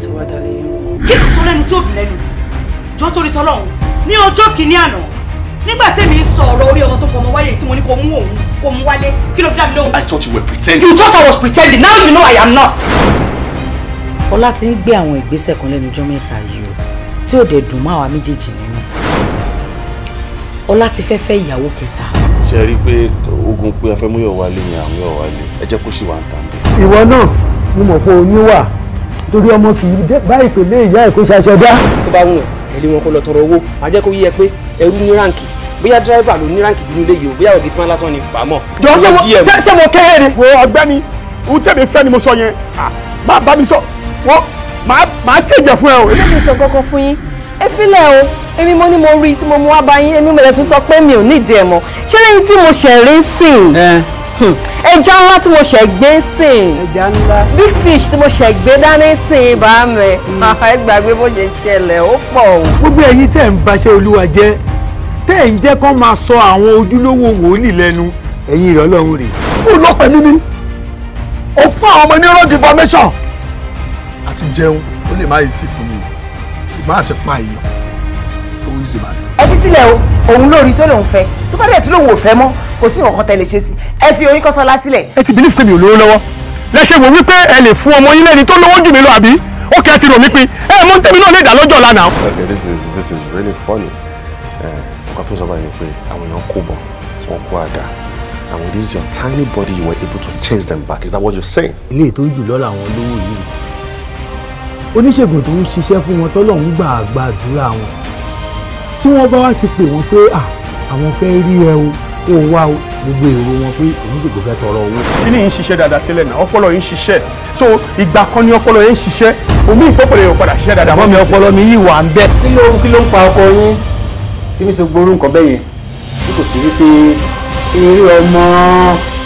láti wá dalẹ̀ yìí. kí ló sọ lẹ́nu tí ó dùn lẹ́nu jọ torí tọlọ́run ní ọjọ́ kìíní àná nígbà tẹ́mi sọ ọ̀rọ̀ orí ọmọ tó fọmọ wáyé tí mo ní kó mú òun kó mú wálé kí ló fi dá lóhùn. I thought you were pretending. You thought I was pretending. Now you know I am not. Ọlá ti ń gbé àwọn ìgbésẹ̀ kan lẹ́nu ọjọ́ mẹ́ta yìí o tí ò dẹ̀ dùn mọ́ àwa méjèèjì nínú. Ọlá ti fẹ́ fẹ́ ìyàwó kẹta. Ṣé rí i pé ogun pé afẹ́múyọ̀ wálé ni àwọn yọ̀ wálé? Ẹ jẹ́ kó ṣì wà ń tàn dé. Ìwọ náà mo mọ̀ pé oyún wà torí ọmọ kì í bá ìpele ìyá ẹ̀ kó ṣaṣẹdá. tó bá wù wọn tẹ̀lé wọn kó lọ tọrọ owó a jẹ́ kó yé ẹ pé ẹrú ní ráǹkì bóyá dírẹ́fà ló ní ráǹkì nínú ilé o bóyá ògì tí wọ́n lásán ni bàá mọ̀. jọ ṣé mo kẹ́ ẹ ni. wo ọ̀gbẹ́ni ohun tẹ̀mí fẹ́ ni mo sọ yẹn má bá mi sọ wọ́n máa tẹ̀jẹ̀ fún ẹ o. ilé mi sọ kọ́kọ́ fún yín ẹ fílẹ̀ o èmi mo ní mo rí tí mo mú wá bá yín èmi mẹ̀lẹ́ tún sọ pé mi ò nídìí ẹ̀ mọ́ ṣé lẹ́yìn tí mo ṣẹ̀ rí sìn. Hmm. ẹja ńlá tí mo ṣẹ̀ gbé sìn ẹja big fish tí mo ṣẹ̀ gbé dání sìn bá mi hmm. ẹ gbàgbé bó ṣe ṣẹlẹ̀ ó pọ̀ o. gbogbo ẹ̀yin tẹ́ ń baṣẹ́ olúwa jẹ́ tẹ́ ẹ̀ ń jẹ́ kó máa sọ àwọn ojúlówó wòlíì lẹ́nu ẹ̀yin ìrọ̀lọ́run rè. fún ìlọ́pẹ̀ mi ni fún àwọn ọmọ ní road information àti jẹun ó lè má yìí sí fún mi ìgbà àti pa èèyàn ó wí sí màá fi. sílẹ̀ o òun lórí tó lòun fẹ́ tó bá dẹ̀ tí lòun ò fẹ́ mọ́ kò sí nǹkan kan ṣe sí ẹ fi oyin Kọ́sọ́lá sílẹ̀. ẹ ti believe pé mi ò lówó lọ́wọ́ wípé ẹ lè fún ọmọ yín lẹ́ni tó lówó jù mí lọ àbí ó kẹ́ ti rò mí pin ẹ mọ tẹ́mi náà lè dà lọ́jọ́ lánàá. okay this is this is really funny nǹkan tó ń sọ báyìí ni pé àwọn èèyàn kó bọ̀ wọ́n kó àdá and with this your tiny body you were able to chase them back is that what you are saying. ilé ètò ìjùlọ làwọn olówó yìí oníṣègùn tó ń ṣiṣẹ́ fún wọn tọ́lọ̀ ń gbà àgbàdúrà wọn tí wọ́n bá wá ti pè wọ́n pé àwọn fẹ́ rí ẹ o kó o wá gbogbo èrò wọn pé èyí sì kò fẹ́ tọrọ owó. kí ni ń ṣiṣẹ́ dáadáa tẹ́lẹ̀ náà ọpọlọ yìí ń ṣiṣẹ́ so ìgbà kan ni ọpọlọ yẹn ń ṣiṣẹ́ omi ìpọ́pọ̀lẹ̀ yóò padà ṣiṣẹ́ dáadáa. àbọ̀mí ọpọlọ mi yìí wà ń bẹ. kí ló kí ló ń fa ọkọ yín tí mi ṣe gbóró nǹkan bẹ́yẹn bí kò sí wípé eré ọmọ